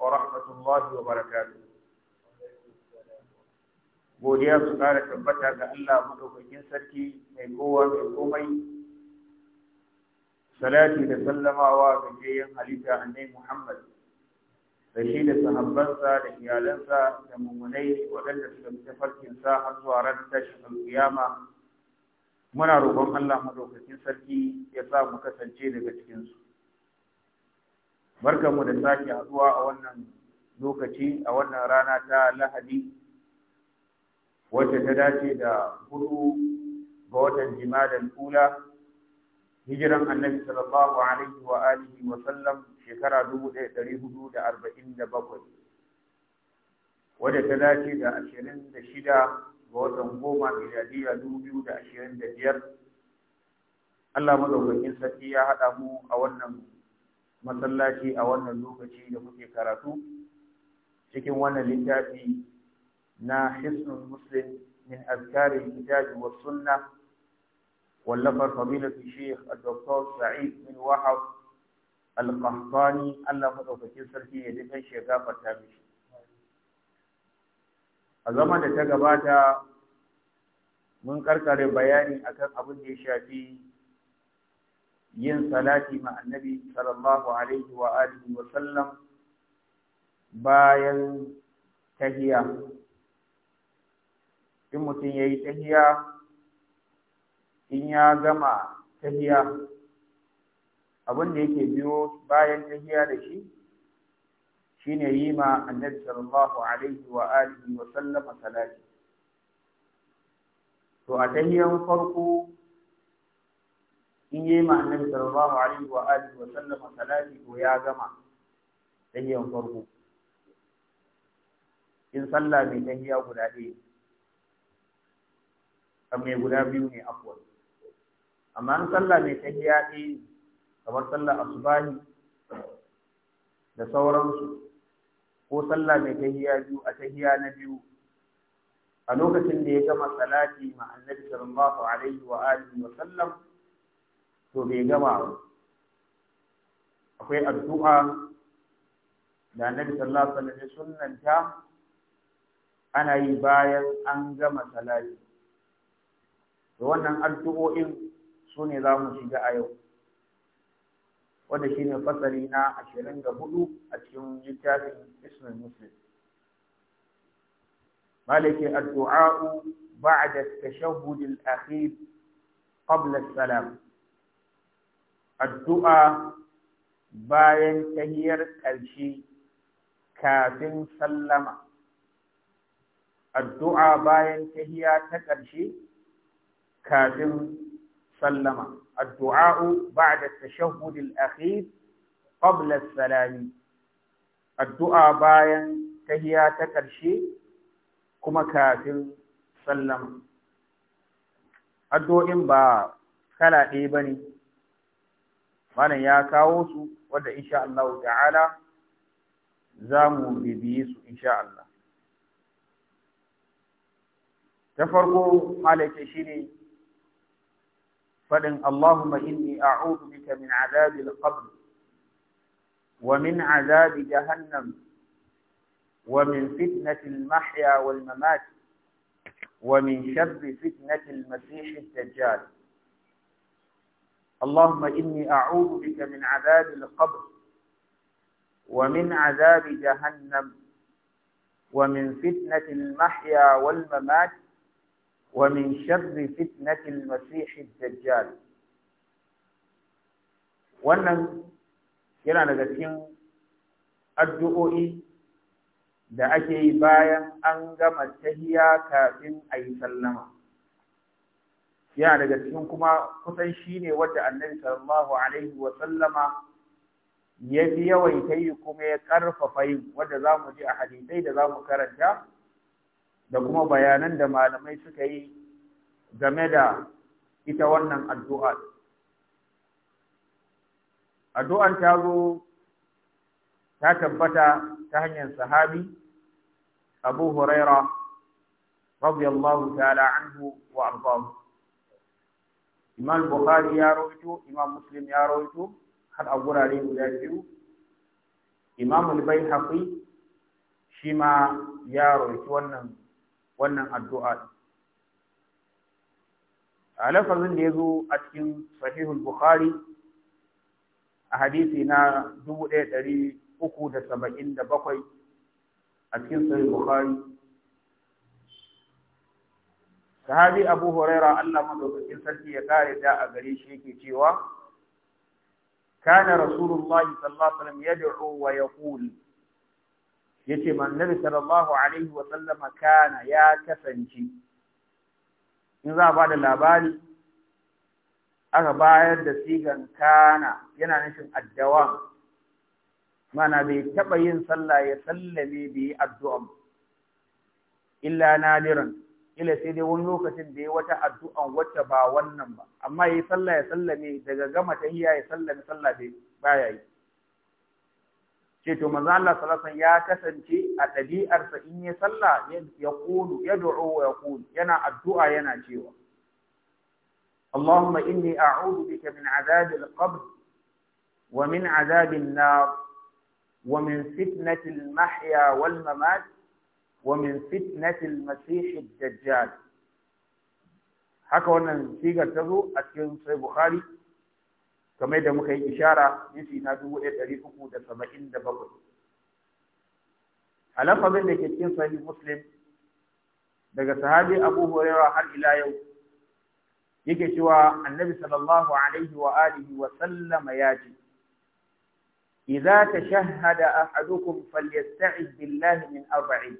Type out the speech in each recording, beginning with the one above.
ورحمة الله وبركاته godiya su ƙara tabbata ga Allah maɗaukakin sarki mai kowa mai komai salati da sallamawa ga jeyin halitta annai Muhammad da shi da sahabbansa da iyalansa da mummunai waɗanda suka fi sa har zuwa ran tashin alƙiyama muna roƙon Allah maɗaukacin sarki ya sa mu kasance daga cikinsu barkanmu da sake haduwa a wannan lokaci a wannan rana ta lahadi wacce ta dace da hudu ga watan jimadan kula hijiran annabi sallallahu alaihi wa alihi wa sallam shekara 1447 wadda ta dace da 26 ga watan goma miliyadiyya 2025 Allah mazaukakin sarki ya haɗa mu a wannan masallaci a wannan lokaci da kuke karatu cikin wannan littafi na hisnul muslim min azkarin kitabi wa sunna wallafar fadilatu sheikh dr sa'id bin wahab al-qahtani Allah madaukakin sarki ya dukan shiga gafarta mishi a zaman da ta gabata mun karkare bayani akan abin da ya shafi yin salati ma annabi sallallahu alaihi wa alihi wa sallam bayan tahiya in mutum ya yi tahiya in ya gama tahiya abin da yake biyo bayan tahiya da shi shine yi ma annabi sallallahu alaihi wa alihi wa sallama salati to a tahiyan farko in yi ma annabi sallallahu alaihi wa alihi wa sallama salati to ya gama tahiyan farko in sallah mai tahiyya guda ɗaya mai guda biyu ne afwan amma in sallah mai tahiyya ɗaya kamar sallah asubahi da sauransu ko sallah mai tahiyya biyu a tahiyya na biyu a lokacin da ya gama salati ma annabi sallallahu alaihi wa alihi wa sallam to bai gama akwai addu'a da annabi sallallahu alaihi wasallam sunnanta ana yi bayan an gama salati Da wannan addu'o'in su ne za mu shiga a yau wanda shine fasali na 24 a cikin littafin Ismail Muslim malaki addu'a ba'da at-tashahhud al-akhir qabla salam addu'a bayan tahiyar ƙarshe kafin sallama addu'a bayan tahiya ta ƙarshe kafin sallama addu'a'u ba'da tashahhudil akhir qabla salami addu'a bayan tahiya ta ƙarshe kuma kafin sallama addu'in ba kala ɗaya bane mana ya kawo su wanda insha Allah ta'ala zamu bibiye su insha Allah ta farko malaka shine fadin Allahumma inni a'udhu bika min azabil qabr wa min azabi jahannam wa min fitnatil mahya wal mamat wa ومن شر فتنة المسيح dajjal اللهم إني أعوذ بك من عذاب القبر ومن عذاب جهنم ومن فتنة المحيا والممات ومن شر فتنة المسيح الدجال wannan yana daga cikin addu'o'i da ake yi bayan an gama tahiya kafin a yi sallama yana daga cikin kuma kusan shi ne wadda annabi sallallahu alaihi wa sallama ya fi yawaita yi kuma ya karfafa yi wadda za mu ji a hadisai da za mu karanta da kuma bayanan da malamai suka yi game da ita wannan addu'a. Addu'an ta zo ta tabbata ta hanyar sahabi Abu Huraira radiyallahu ta'ala anhu wa arzahu. imam bukhari ya rawaito imam muslim ya rawaito har a gurare guda biyu imam al-baihaqi shi ma ya rawaito wannan wannan addu'a a lafazin da ya zo a cikin sahihul bukhari a hadisi na 1377 a cikin sahihul bukhari sahabi abu huraira Allah madaukakin sarki ya kare da a gare shi yake cewa kana rasulullah sallallahu alaihi wasallam yad'u wa yaqul yace man nabi sallallahu alaihi sallama, kana ya kasance in za a bada labari aka bayar da sigan kana yana nufin addawa mana bai taɓa yin sallah ya sallame bai yi addu'a illa nadiran kila sai dai wani lokacin da ya wata addu'an wacce ba wannan ba amma yayi sallah ya sallame daga gama ta ya sallame sallah bai baya yi ce to manzo Allah sallallahu alaihi ya kasance a ɗabi'arsa in ya sallah ya kulu ya du'u ya kulu yana addu'a yana cewa اللهم إني أعوذ بك من عذاب القبر ومن عذاب النار ومن فتنة المحيا والممات ومن فتنة المسيح الدجال haka wannan sigar ta zo a cikin sai bukhari kamar da muka yi ishara nufi na dubu ɗaya ɗari uku da saba'in da bakwai a da ke cikin sahih muslim daga sahabi abu hurairah har ila yau yake cewa annabi sallallahu alaihi wa alihi wa sallama ya ce idza tashahhada ahadukum falyasta'iz billahi min arba'in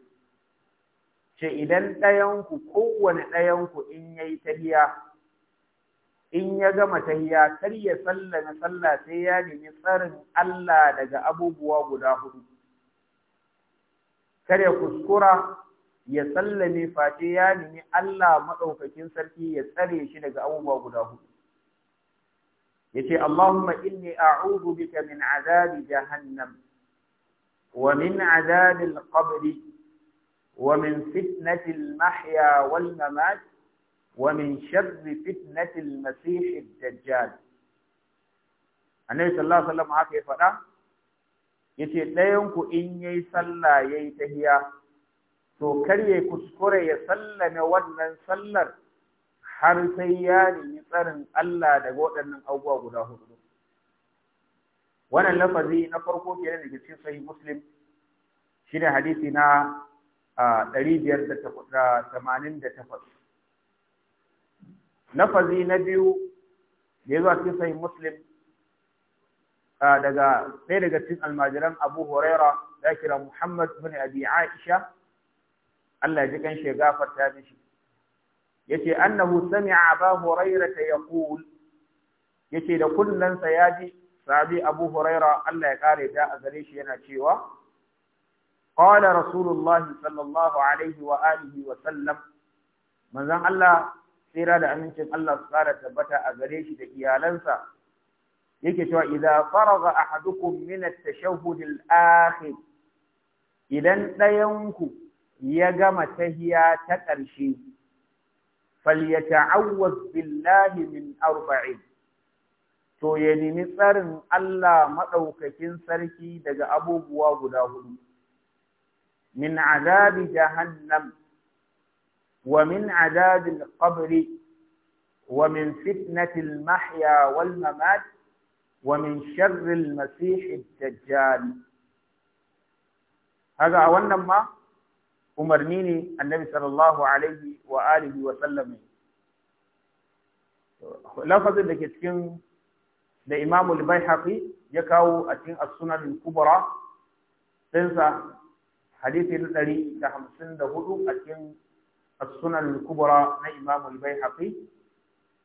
ce idan ɗayanku kowane ɗayanku in ya yi tahiya in ya gama tahiya kar ya sallame sallah sai ya nemi tsarin Allah daga abubuwa guda hudu kar ya kuskura ya sallame face ya nemi Allah maɗaukakin sarki ya tsare shi daga abubuwa guda hudu yace Allahumma inni a'udhu bika min azabi jahannam wa min azabil qabri ومن فتنة المحيا والممات ومن شر فتنة المسيح الدجال annabi sallallahu alaihi wasallam haka ya faɗa yace ɗayan ku in yayi sallah yayi tahiya to kar ya kuskure ya sallame wannan sallar har sai ya nemi tsarin Allah daga waɗannan abubuwa guda hudu wannan lafazi na farko kenan da cikin sahih muslim shine hadisi na 588 nafazi na biyu da ya zuwa cikin sahih muslim daga ɗaya daga cikin almajiran abu huraira da kira muhammad bin abi aisha Allah ji kan shi gafarta mishi yace annahu sami'a abu huraira ta Ya yace da kullansa ya ji, sabi abu huraira Allah ya kare ta a gare shi yana cewa قال رسول الله صلى الله عليه وآله وسلم من الله tsira da amincin Allah su ƙara tabbata a gare shi da iyalansa yake cewa idza faraga ahadukum min at-tashahhud al-akhir idan ɗayanku ya gama tahiya ta ƙarshe falyata'awwaz billahi min arba'in to ya nemi tsarin Allah madaukakin sarki daga abubuwa guda hudu من عذاب جهنم ومن عذاب القبر ومن فتنة المحيا والممات ومن شر المسيح الدجال هذا أولا ما أمرنيني النبي صلى الله عليه وآله وسلم لفظ لك تكون لإمام البيحقي يكاو أتين ya الكبرى a Hadisin na ɗari da hamsin da hudu a cikin sunan kubura na Imam al-baihaqi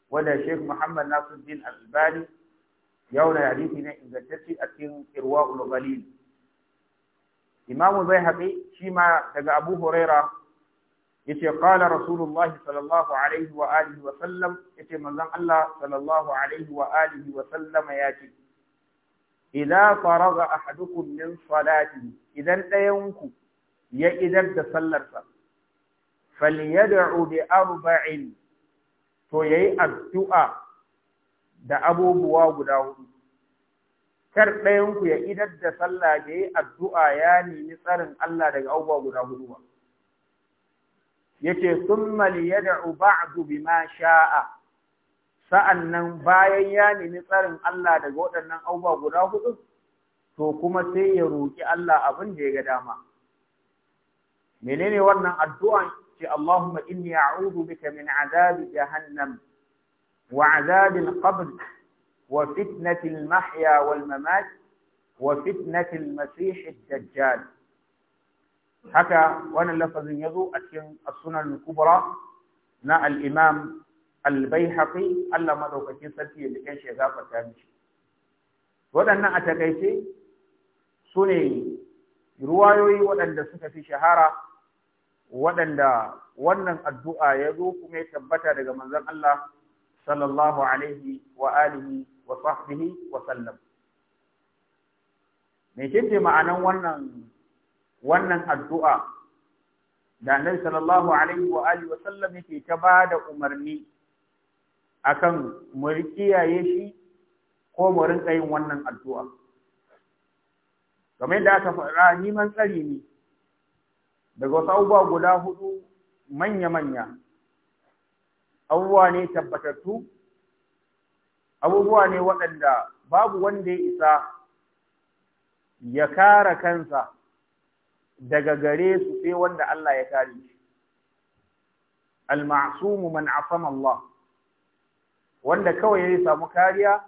wadda sheikh muhammad nasiruddin al-albani ya wani hadisi na ingantacce a cikin irwa'ul ghalil Imam al-baihaqi shi ma daga abu huraira ce qala rasulullah sallallahu alaihi wa alihi wa sallam ce manzon Allah sallallahu alaihi wa alihi wa sallama yace idza faraga ahadukum min salati idan dayanku ya idar da sallarsa falyad'u bi arba'in to yayi addu'a da abubuwa guda hudu kar ɗayan ku ya idar da sallah da yayi addu'a ya nemi tsarin Allah daga abubuwa guda hudu ba yace thumma liyad'u ba'du bima sha'a sa'annan bayan ya nemi tsarin Allah daga waɗannan abubuwa guda hudu to kuma sai ya roƙi Allah abin da ya ga dama menene wannan addu'an ce Allahumma inni a'udhu bika min azabi jahannam wa azabi al-qabr wa fitnati al-mahya wal mamat wa fitnati al-masih ad-dajjal haka wannan lafazin yazo a cikin sunan kubra na al-imam al-baihaqi Allah madaukakin sarki ya dake shi ya gafarta mishi waɗannan a takaice su ne ruwayoyi waɗanda suka fi shahara waɗanda wannan addu'a ya zo kuma ya tabbata daga manzon Allah sallallahu alaihi wa alihi wa sahbihi wa sallam me ma'anan wannan wannan addu'a da Annabi sallallahu alaihi wa alihi wa sallam yake ta ba da umarni akan mu kiyaye shi ko mu rinka yin wannan addu'a kamar yadda aka faɗa neman tsari ne daga wasu abubuwa guda hudu manya-manya abubuwa ne tabbatattu abubuwa ne waɗanda babu wanda ya isa ya kara kansa daga gare su sai wanda Allah ya kare shi al-ma'sumu man asama Allah wanda kawai ya samu kariya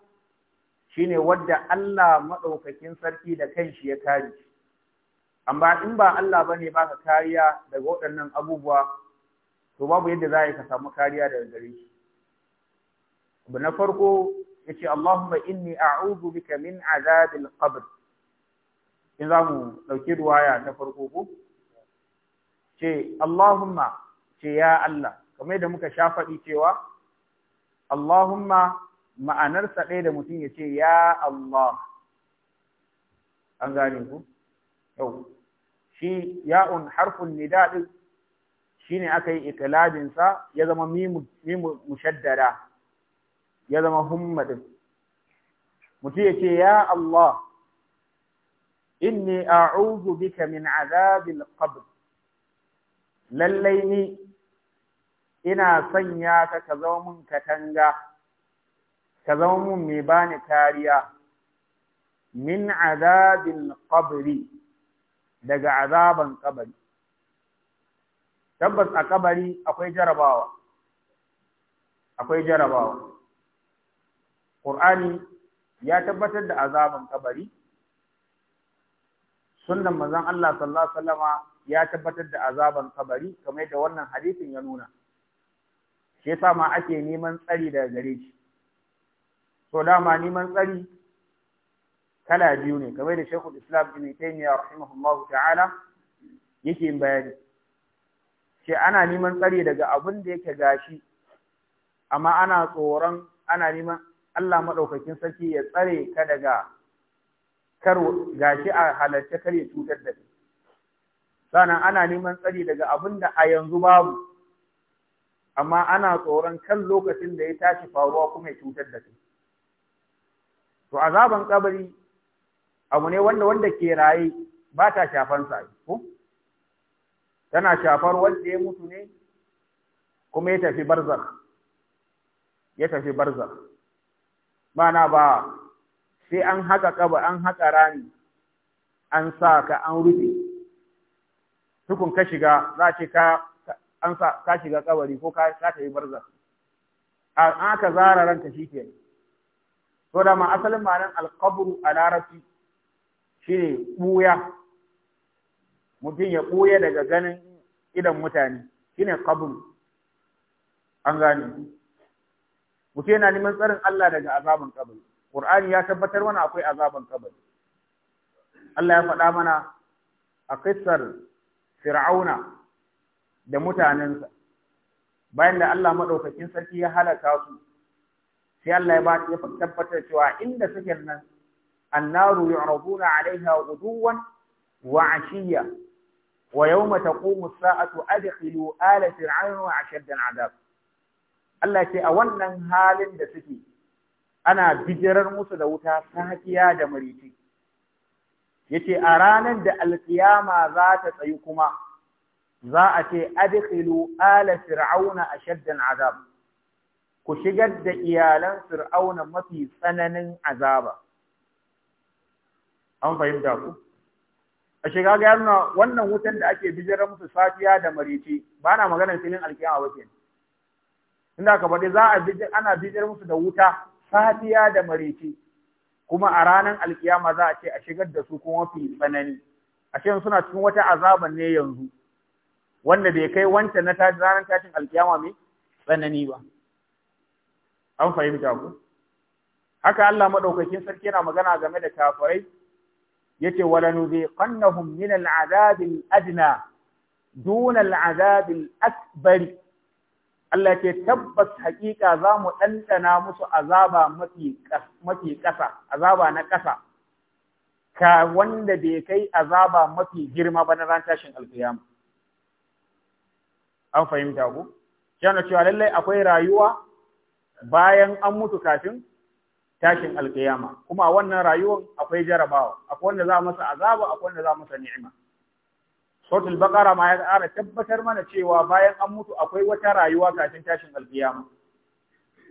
shine wadda Allah maɗaukakin sarki da kanshi ya kare amma in ba Allah bane baka kariya daga waɗannan abubuwa to babu yadda za ka samu kariya daga gare shi abu na farko yace Allahumma inni a'udhu bika min azabil qabr in za mu ɗauki ruwaya ta farko ko ce Allahumma ce ya Allah kamar yadda muka sha faɗi cewa Allahumma ma'anarsa ɗaya da mutum ya ce ya Allah an gane ku yau shi ya'un harfun nida din shine aka yi ikilabinsa ya zama mimu ya zama humma mutum ya ce ya Allah inni a'udhu bika min azabil qabr lallai ni ina sanya ka ka zama mun katanga ka zama mun mai bani kariya min azabin qabri daga azaban kabari tabbas a kabari akwai jarabawa akwai jarabawa qur'ani ya tabbatar da azaban kabari sunnan manzon Allah sallallahu alaihi wasallama ya tabbatar da azaban kabari kamar da wannan hadisin ya nuna shi yasa ma ake neman tsari daga gare shi to dama neman tsari kala biyu ne kamar da Sheikhul Islam Ibn Taymiyyah rahimahullahu ta'ala yake bayani ce ana neman tsari daga abin da yake gashi amma ana tsoron ana neman Allah maɗaukakin sarki ya tsare ka daga kar gashi a halarce kare cutar da kai sannan ana neman tsari daga abin da a yanzu babu amma ana tsoron kan lokacin da ya tashi faruwa kuma ya cutar da kai to azaban kabari abu ne wanda wanda ke raye ba ta shafan sa ko tana shafar wanda ya mutu ne kuma ya tafi barzakh ya tafi barzakh mana ba sai an haka kaba an haka rani an sa ka an rufe tukun ka shiga za ce ka an sa ka shiga kabari ko ka ka tafi barzakh an aka zara ranka shikenan to da ma asalin ma'anar alƙabru a larabci shine ɓuya. mutum ya ɓuya daga ganin idan mutane shine ƙabru, an gane mutum yana neman tsarin Allah daga azaban kabari Qur'ani ya tabbatar mana akwai azaban kabari Allah ya faɗa mana a kissar Fir'auna da mutanensa bayan da Allah maɗaukakin sarki ya halaka su sai Allah ya ba ya tabbatar cewa inda suke nan annaru yu'raduna 'alaiha ghuduwan wa 'ashiyya wa yawma taqumu as-sa'atu adkhilu ala fir'auna wa 'ashadda al'adab Allah ce a wannan halin da suke ana bijirar musu da wuta safiya da marici yace a ranar da alkiyama za ta tsayi kuma za a ce adkhilu ala fir'auna ashaddan azab ku shigar da iyalan fir'auna mafi tsananin azaba an fahimta ku a shiga ga yana wannan wutan da ake bijira musu safiya da marici ba na maganar filin alkiyama ba kenan inda ka bade za a ana bijira musu da wuta safiya da marici kuma a ranar alkiyama za a ce a shigar da su kuma mafi tsanani a ce suna cikin wata azaban ne yanzu wanda bai kai wancan na ranar tashin alkiyama mai tsanani ba an fahimta ku haka Allah madaukakin sarki yana magana game da kafirai yace zai qannahum min al'adab al'adna dun al'adab al'akbar Allah ke tabbas hakika za mu ɗanɗana musu azaba mafi kasa azaba na ƙasa, ka wanda bai kai azaba mafi girma ba na ran tashin alkiyama. An fahimta ku? Yana cewa lallai akwai rayuwa bayan an mutu kafin tashin alkiyama kuma a wannan rayuwar akwai jarabawa akwai wanda za masa azaba akwai wanda za masa ni'ima suratul baqara ma ya ƙara tabbatar mana cewa bayan an mutu akwai wata rayuwa kafin tashin alkiyama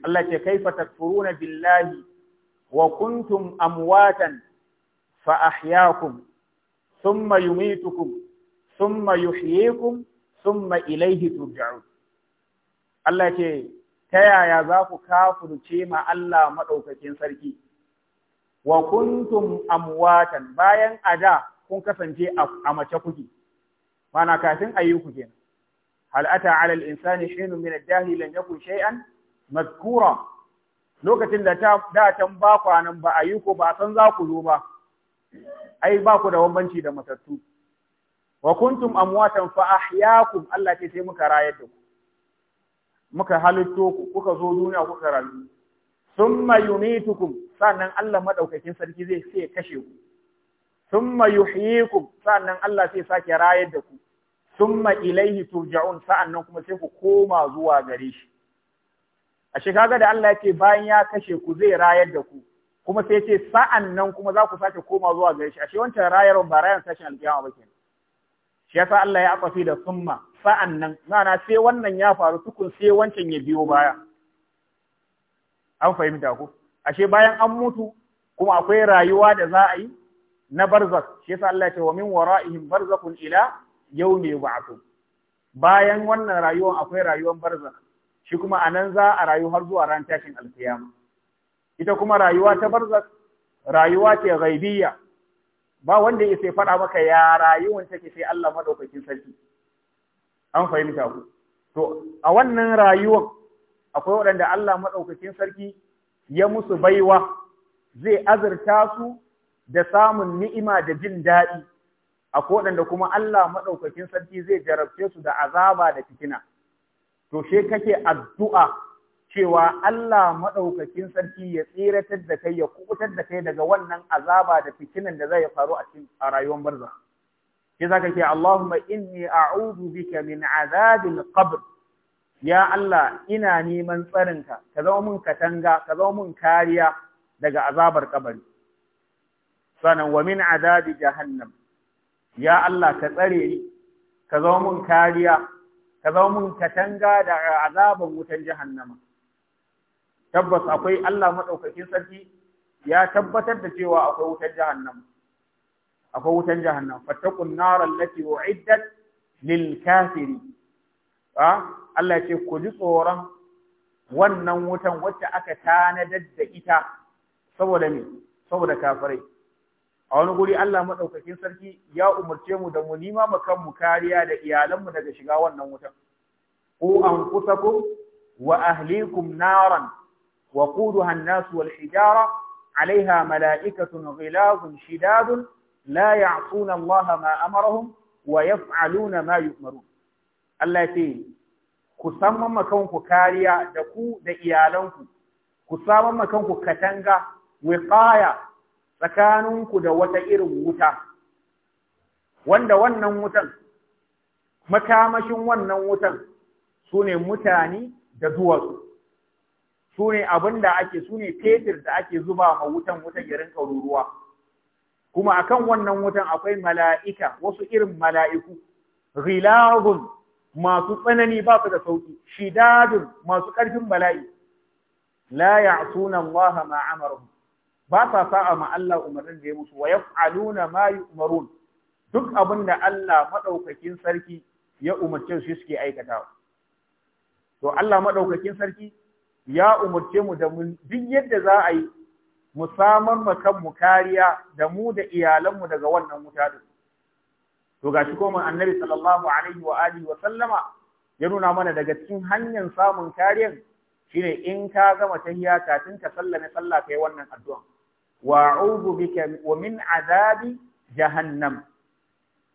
Allah ce kaifa takfuruna billahi wa kuntum amwatan fa ahyaakum thumma yumitukum thumma yuhyikum thumma ilayhi turja'un Allah ce ta yaya za ku kafurce ma Allah maɗaukakin sarki wa kuntum amwatan bayan ada kun kasance a mace kuke mana kafin ayyuku yi hal ata ala al insani hinun min ad-dahi lam yakun shay'an lokacin da ta da can ba kwanan ba ayyuku ba san za ku zo ba ai ba ku da bambanci da matattu wa kuntum amwatan fa ahyaakum Allah ce sai muka rayar da ku muka halitto ku kuka zo duniya kuka rayu summa yumitukum sannan Allah madaukakin sarki zai sai kashe ku summa yuhyikum sannan Allah sai sake rayar da ku summa ilaihi turja'un sa'annan kuma sai ku koma zuwa gare shi ashe kaga da Allah yake bayan ya kashe ku zai rayar da ku kuma sai ce sa'annan kuma za ku sake koma zuwa gare shi ashe wancan rayarwar ba rayar sashen alkiyama ba kenan shi yasa Allah ya fi da summa sa'an nan ma'ana sai wannan ya faru tukun sai wancan ya biyo baya an fahimta ku ashe bayan an mutu kuma akwai rayuwa da za a yi na barzak shi yasa Allah ya ce wa min ra’ihin barzakun ila yau ne yawmi yub'athun bayan wannan rayuwan akwai rayuwan barzak shi kuma a nan za a rayu har zuwa ran tashin alkiyama ita kuma rayuwa ta barzak rayuwa ce ghaibiyya ba wanda ya sai faɗa maka ya rayuwar take sai Allah madaukakin sarki an fahimta ku to a wannan rayuwar akwai waɗanda Allah madaukakin sarki ya musu baiwa zai azurta su da samun ni'ima da jin daɗi akwai waɗanda kuma Allah madaukakin sarki zai jarabce su da azaba da fitina to she kake addu'a cewa Allah maɗaukakin sarki ya tsiratar da kai ya kubutar da kai daga wannan azaba da fitinan da zai faru a cikin a rayuwar barza shi zaka ce Allahumma inni a'udhu bika min azabil qabr ya Allah ina neman tsarinka ka zama mun katanga ka zama mun kariya daga azabar kabari sanan wa min azabi jahannam ya Allah ka tsare ni ka zama mun kariya ka zama mun katanga da azaban wutan jahannama tabbas akwai Allah madaukakin sarki ya tabbatar da cewa akwai wutar jahannam akwai wutar jahannam fattaqun nar allati uiddat lil kafiri ah Allah ce ku ji tsoron wannan wutan wacce aka tanadar da ita saboda me saboda kafirai a wani guri Allah madaukakin sarki ya umarce mu da mu nima mu kanmu kariya da iyalanmu daga shiga wannan wutan ku anfusakum wa ahlikum naran وقودها الناس والحجارة عليها ملائكة غلاظ شداد لا يعصون الله ما أمرهم ويفعلون ما يؤمرون التي كسام مكانك كاريا دكو دئيالنك كسام مكانك كتنغا وقايا تكاننك دوتئر وتا وند ونن وتن مكامش ونن وتن سنة متاني دوتئر su ne abin da ake su ne fetur da ake zuba ma wutan wutan ya rinka ruruwa kuma akan wannan wutan akwai mala'ika wasu irin mala'iku rilagun masu tsanani ba su da sauki shidadun masu ƙarfin bala'i la ya'suna Allah ma amaruhum ba sa sa'a ma Allah umarnin da ya musu wa yaf'aluna ma yu'marun duk abin da Allah maɗaukakin sarki ya umarce su suke aikatawa to Allah maɗaukakin sarki ya umurce mu da duk yadda za a yi mu samar ma kanmu kariya da mu da iyalanmu daga wannan wuta din to gashi ko mun annabi sallallahu alaihi wa alihi wa sallama ya nuna mana daga cikin hanyar samun kariyan shine in ka gama tahiyya kafin ka sallame sallah kai wannan addu'a wa a'udhu bika wa min azabi jahannam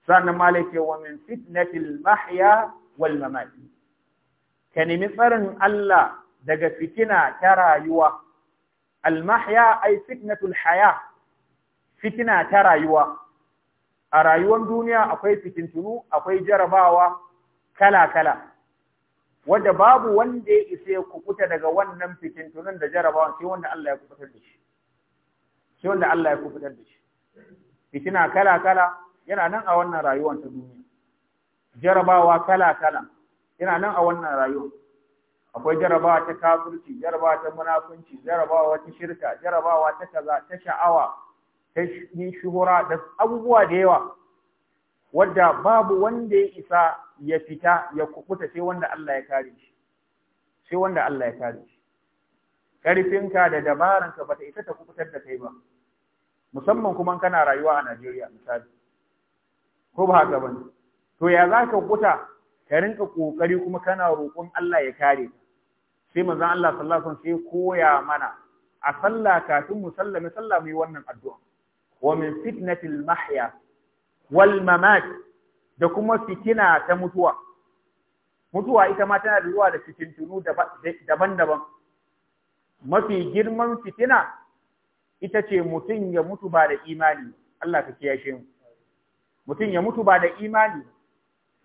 sannan malaka wa min fitnatil mahya wal mamat ka nemi tsarin Allah daga fitina ta rayuwa almahya ay fitnatul haya fitina ta rayuwa a rayuwar duniya akwai fitintunu akwai jarabawa kala-kala wanda babu wanda ya isa kukuta daga wannan fitintunun da jarabawan sai wanda Allah ya kubutar da shi sai wanda Allah ya kubutar da shi fitina kala-kala yana nan a wannan rayuwar ta duniya jarabawa kala-kala yana nan a wannan rayuwar akwai jarabawa ta kafirci jarabawa ta munafunci jarabawa ta shirka jarabawa ta kaza ta sha'awa ta shuhura da abubuwa da yawa wadda babu wanda ya isa ya fita ya kubuta sai wanda Allah ya kare shi sai wanda Allah ya kare shi karfinka da dabaranka bata isa ta kubutar da kai ba musamman kuma kana rayuwa a Najeriya misali ko ba haka bane to ya zaka kuta ka rinka kokari kuma kana roƙon Allah ya kare ka sai manzon Allah sallallahu alaihi wasallam sai koya mana a sallah kafin mu sallame sallah mu yi wannan addu'a wa min fitnatil mahya wal mamat da kuma fitina ta mutuwa mutuwa ita ma tana da zuwa da fitintunu daban-daban mafi girman fitina ita ce mutum ya mutu ba da imani Allah ka kiyashe mu mutum ya mutu ba da imani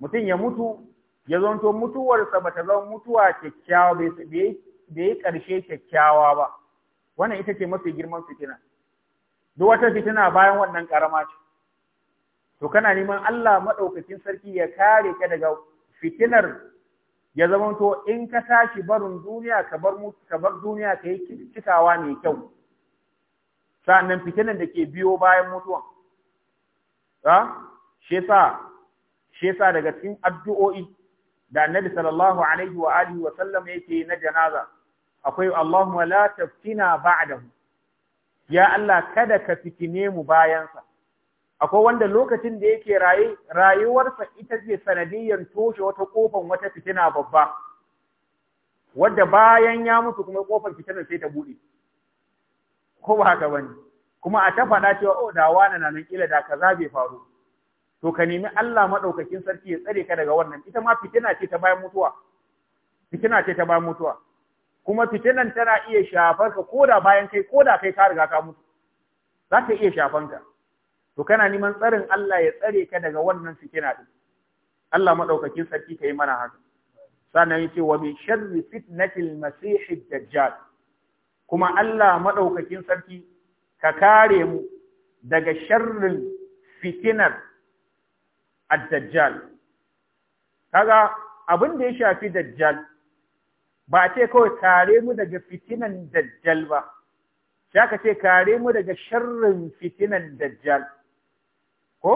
mutum ya mutu ya zanto mutuwarsa ba ta zama mutuwa kyakkyawa bai yi ƙarshe kyakkyawa ba wannan ita ce mafi girman fitina duk wata fitina bayan wannan ƙarama ce to kana neman Allah maɗaukakin sarki ya kare ka daga fitinar ya zama to in ka tashi barin duniya ka bar ka bar duniya ka yi cikawa mai kyau Sannan fitinan da ke biyo bayan mutuwan ha ah, shi yasa daga cikin addu'o'i da annabi sallallahu alaihi wa alihi wa sallam yake na janaza akwai Allahumma la taftina ba'dahu ya Allah kada ka fitine mu bayansa akwai wanda lokacin da yake raye rayuwarsa ita ce sanadiyyar toshe wata kofan wata fitina babba wanda bayan ya mutu kuma kofar fitinar sai ta bude ko ba haka bane kuma a ta faɗa cewa oh da wani na nan kila da kaza bai faru to ka nemi Allah maɗaukakin sarki ya tsare ka daga wannan ita ma fitina ce ta bayan mutuwa fitina ce ta bayan mutuwa kuma fitinan tana iya shafar ka koda bayan kai koda kai ka riga ka mutu za ta iya shafan ka to kana neman tsarin Allah ya tsare ka daga wannan fitina din Allah maɗaukakin sarki ka yi mana haka sannan ce wa min sharri fitnatil masihi dajjal kuma Allah maɗaukakin sarki ka kare mu daga sharrin fitinar ad-dajjal kaga abin da ya shafi dajjal ba a ce kawai kare mu daga fitinan dajjal ba sai aka ce kare mu daga sharrin fitinan dajjal ko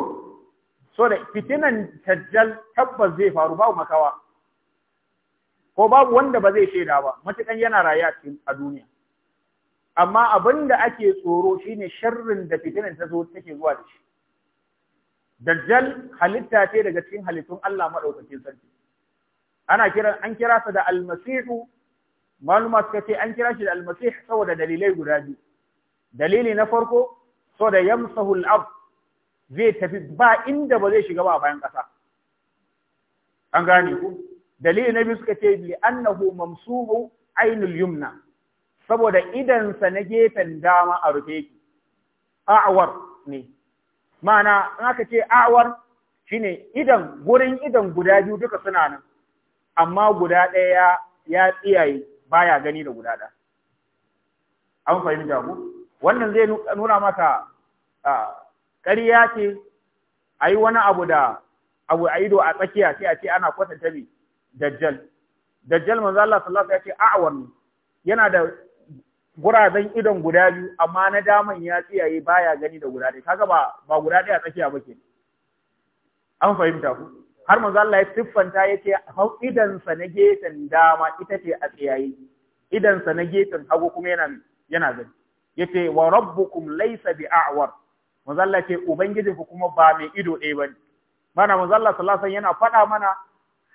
so da fitinan dajjal tabbas zai faru babu makawa ko babu wanda ba zai shaida ba matukan yana raya a duniya amma abin da ake tsoro shi ne sharrin da fitinan ta zo take zuwa da shi Dajjal halitta ce daga cikin halittun Allah maɗaukakin sarki. Ana kiran an kira sa da almasihu, maluma suka ce an kira shi da almasih saboda dalilai guda biyu. Dalili na farko, so da yamsahu al zai tafi ba inda ba zai shiga ba bayan ƙasa. An gane ku. Dalili na biyu suka ce li annahu mamsuhu ainul yumna saboda sa na gefen dama a rufe ki. A'war ne. ma'ana in aka ce awar shine idan gurin idan guda biyu duka suna nan amma guda ɗaya ya tsiyaye baya gani da guda ɗaya an fahimta ku wannan zai nuna maka ƙarya ce a yi wani abu da abu a ido a tsakiya sai a ce ana kwatanta bi dajjal dajjal manzo Allah sallallahu alaihi wasallam ya ce a'war yana da guraben idon guda biyu amma na daman ya tsiyaye baya gani da guda ɗaya kaga ba ba guda ɗaya tsakiya ba ke an fahimta ku har manzo Allah ya siffanta ce, hau idan sa na gefen dama ita ce a tsiyaye idan sa na gefen hagu kuma yana yana gani yace wa rabbukum laysa bi a'war manzo Allah ce ubangijin ku kuma ba mai ido ɗaya bane mana manzo Allah sallallahu yana faɗa mana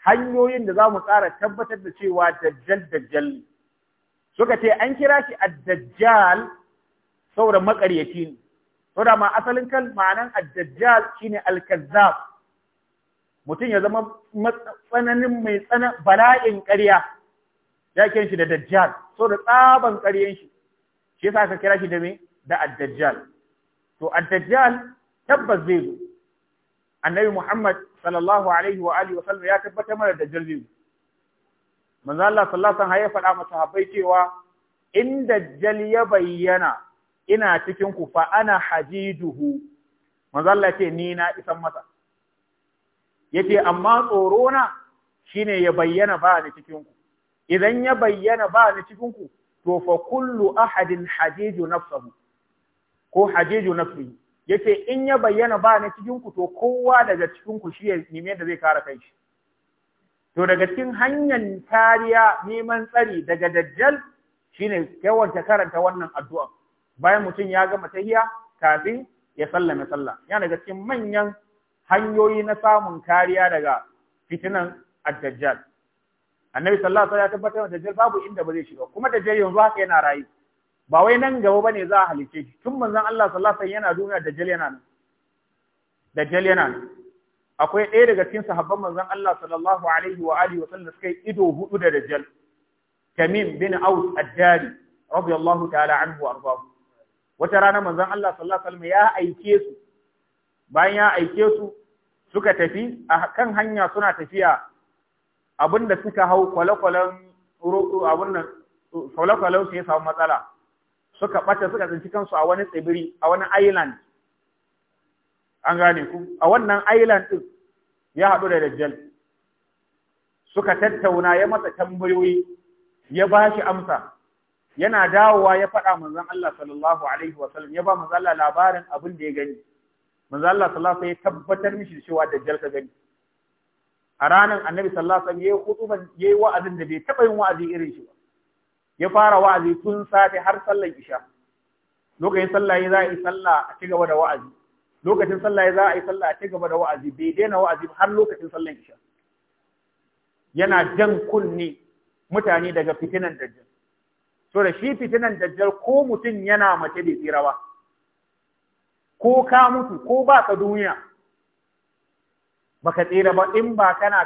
hanyoyin da zamu tsara tabbatar da cewa dajjal dajjal suka ce an kira shi ad-dajjal saboda makaryaci ne saboda ma asalin kal ma'anan ad shine al-kazzab mutum ya zama matsananin mai tsana bala'in ƙarya ya kiran shi da dajjal saboda tsaban ƙaryen shi shi yasa aka kira shi da me da ad to ad-dajjal tabbas zai zo annabi Muhammad sallallahu alaihi wa alihi wa sallam ya tabbatar mana da dajjal zai zo manzo Allah sallallahu alaihi wasallam ya faɗa masa habai cewa in dajjal ya bayyana ina cikin ku fa ana hajiduhu manzo Allah ce ni na isan masa yace amma tsoro na shine ya bayyana ba ni cikin ku idan ya bayyana ba ni cikin ku to fa kullu ahadin hajiju nafsuhu ko hajiju nafsuhu yace in ya bayyana ba ni cikin ku to kowa daga cikin ku shi ne da zai kare kai shi To daga cikin hanyar kariya neman tsari daga dajjal shine yawanta karanta wannan addu'a. Bayan mutum ya gama tahiya kafin ya sallame sallah. Yana daga cikin manyan hanyoyi na samun kariya daga fitinan addajjal dajjal Annabi sallallahu alaihi wasallam ya tabbatar da dajjal babu inda ba zai shiga. Kuma dajjal yanzu haka yana rayu. Ba wai nan gaba bane za a halice shi. Tun manzon Allah sallallahu alaihi wasallam yana duniya dajjal yana Dajjal yana nan. akwai ɗaya daga cikin sahabban manzon Allah sallallahu alaihi wa alihi wa sallam suka ido hudu da dajjal Tamim bin Aus ad-Dari radiyallahu ta'ala anhu ardahu wata rana manzon Allah sallallahu alaihi wa sallam ya aike su bayan ya aike su suka tafi a kan hanya suna tafiya abinda suka hau kwalakwalan kwalen abin nan kwale samu matsala suka ɓata suka tsinci kansu a wani tsibiri a wani island an gane ku a wannan island din ya haɗu da dajjal suka tattauna ya masa tambayoyi ya ba shi amsa yana dawowa ya faɗa manzon Allah sallallahu alaihi wa sallam ya ba manzon Allah labarin abin da ya gani manzon Allah sallallahu alaihi ya tabbatar mishi cewa dajjal ka gani a ranar annabi sallallahu alaihi yayi wa'azin da bai taba yin wa'azi irin shi ba ya fara wa'azi tun safe har sallar isha lokacin sallah ya za a yi sallah a ci gaba da wa'azi lokacin sallah za a yi sallah ta gaba da wa'azi bai daina wa'azi har lokacin sallan isha yana jan kunne mutane daga fitinan dajjal so da shi fitinan dajjal ko mutum yana mace da tsira ba ko ka mutu ko ba ka duniya baka tsira ba in ba kana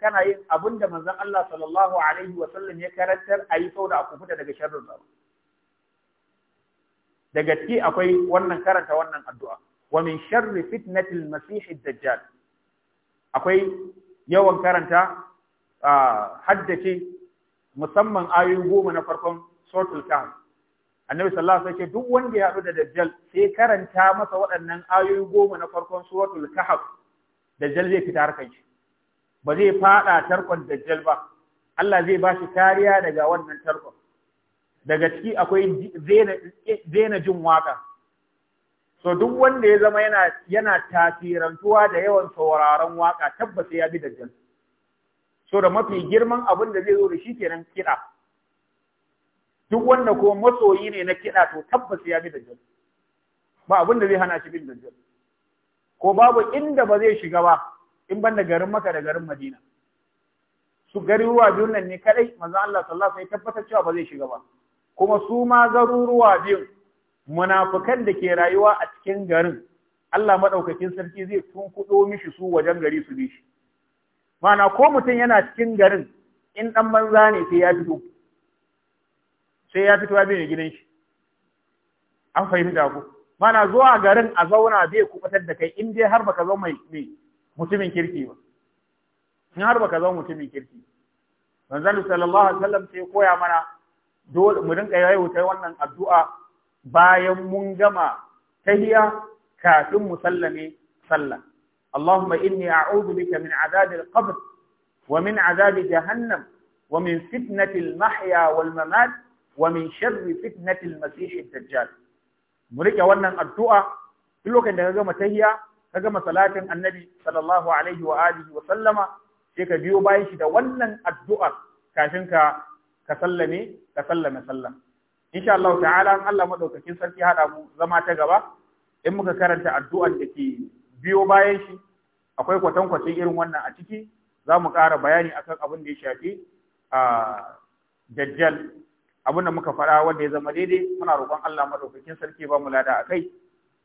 kana yin abinda manzon Allah sallallahu alaihi wa sallam ya karantar ayi sau da aku fita daga sharrin ba daga ciki akwai wannan karanta wannan addu'a wa min sharri fitnatil masihid dajjal akwai yawan karanta haddace musamman ayoyi goma na farkon suratul kahf annabi sallallahu alaihi wasallam duk wanda ya hadu da dajjal sai karanta masa waɗannan ayoyi goma na farkon suratul kahf dajjal zai fita harkar ba zai fada tarkon dajjal ba Allah zai ba shi kariya daga wannan tarkon daga ciki akwai zaina jin waka so duk wanda ya zama yana yana tasirantuwa da yawan sauraron waka tabbas ya bi dajjal so da mafi girman abin da zai zo da shi kenan kiɗa duk wanda ko masoyi ne na kiɗa to tabbas ya bi dajjal ba abin da zai hana shi bin dajjal ko babu inda ba zai shiga ba in ban da garin maka da garin madina su garuruwa biyun nan ne kadai manzo Allah sallallahu alaihi wasallam ya tabbatar cewa ba zai shiga ba kuma su ma garuruwa biyun munafukan da ke rayuwa a cikin garin Allah maɗaukakin sarki zai tunkuɗo mishi su wajen gari su bi shi mana ko mutum yana cikin garin in ɗan banza ne sai ya fito sai ya fito ya bai gidan shi an fahimta ku mana zuwa garin a zauna zai kubatar da kai in dai har baka zo mai mutumin kirki ba in har baka zo mutumin kirki manzon sallallahu alaihi wasallam sai koya mana dole mu rinka yayi wuta wannan addu'a bayan mun gama tahiya kafin mu sallame sallah Allahumma inni a'udhu bika min azabil qabr wa min azabi jahannam wa min fitnati mahya wal mamat wa min sharri fitnati al-masih dajjal mu rike wannan addu'a duk lokacin da ka gama tahiya ka gama salatin annabi sallallahu alaihi wa alihi wa sallama sai ka biyo bayan shi da wannan addu'ar kafin ka ka sallame ka sallame sallah insha Allah ta'ala Allah madaukakin sarki hada mu zama ta gaba in muka karanta addu'an da ke biyo bayan shi akwai kwatan kwatankwacin irin wannan a ciki za mu ƙara bayani akan abin da ya shafi a dajjal abin da muka faɗa wanda ya zama daidai muna roƙon Allah madaukakin sarki ba mu lada a kai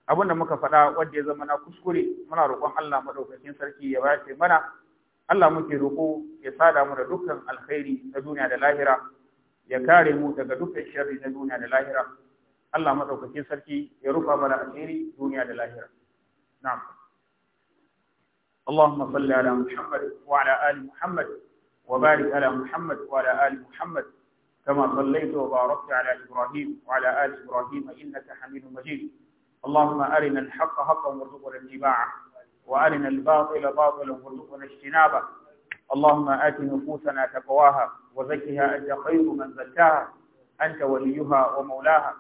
abin da muka faɗa wanda ya zama na kuskure muna roƙon Allah madaukakin sarki ya bace mana Allah muke roƙo ya sada mu da dukkan alkhairi na duniya da lahira ya kare mu daga dukkan sharri na duniya da lahira Allah madaukakin sarki ya rufa mana asiri duniya da lahira na'am اللهم صل على محمد وعلى آل محمد وبارك على محمد وعلى آل محمد كما صليت وباركت على إبراهيم وعلى آل إبراهيم إنك حميد مجيد اللهم أرنا الحق حقا وارزقنا اتباعه وأرنا الباطل باطلا وارزقنا اجتنابه اللهم آت نفوسنا تقواها وزكها أنت خير من زكاها أنت وليها ومولاها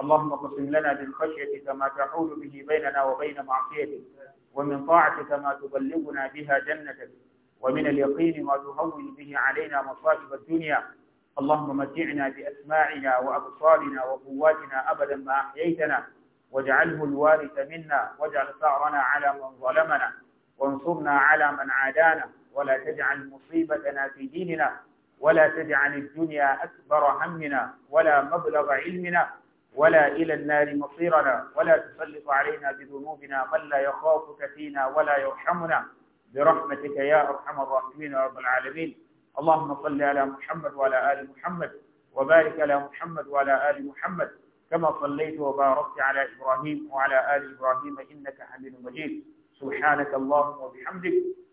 اللهم اقسم لنا من خشيتك ما تحول به بيننا وبين معصيتك ومن طاعتك ما تبلغنا بها جنتك ومن اليقين ما تهون به علينا مصائب الدنيا اللهم متعنا بأسماعنا وأبصارنا وقواتنا أبدا ما أحييتنا واجعله الوارث منا واجعل ثأرنا على من ظلمنا وانصرنا على من عادانا ولا تجعل مصيبتنا في ديننا ولا تجعل الدنيا أكبر همنا ولا مبلغ علمنا ولا إلى النار مصيرنا ولا تسلط علينا بذنوبنا من لا يخافك فينا ولا يرحمنا برحمتك يا أرحم الراحمين يا رب العالمين اللهم صل على محمد وعلى آل محمد وبارك على محمد وعلى آل محمد كما صليت وباركت على إبراهيم وعلى آل إبراهيم إنك حميد مجيد سبحانك اللهم وبحمدك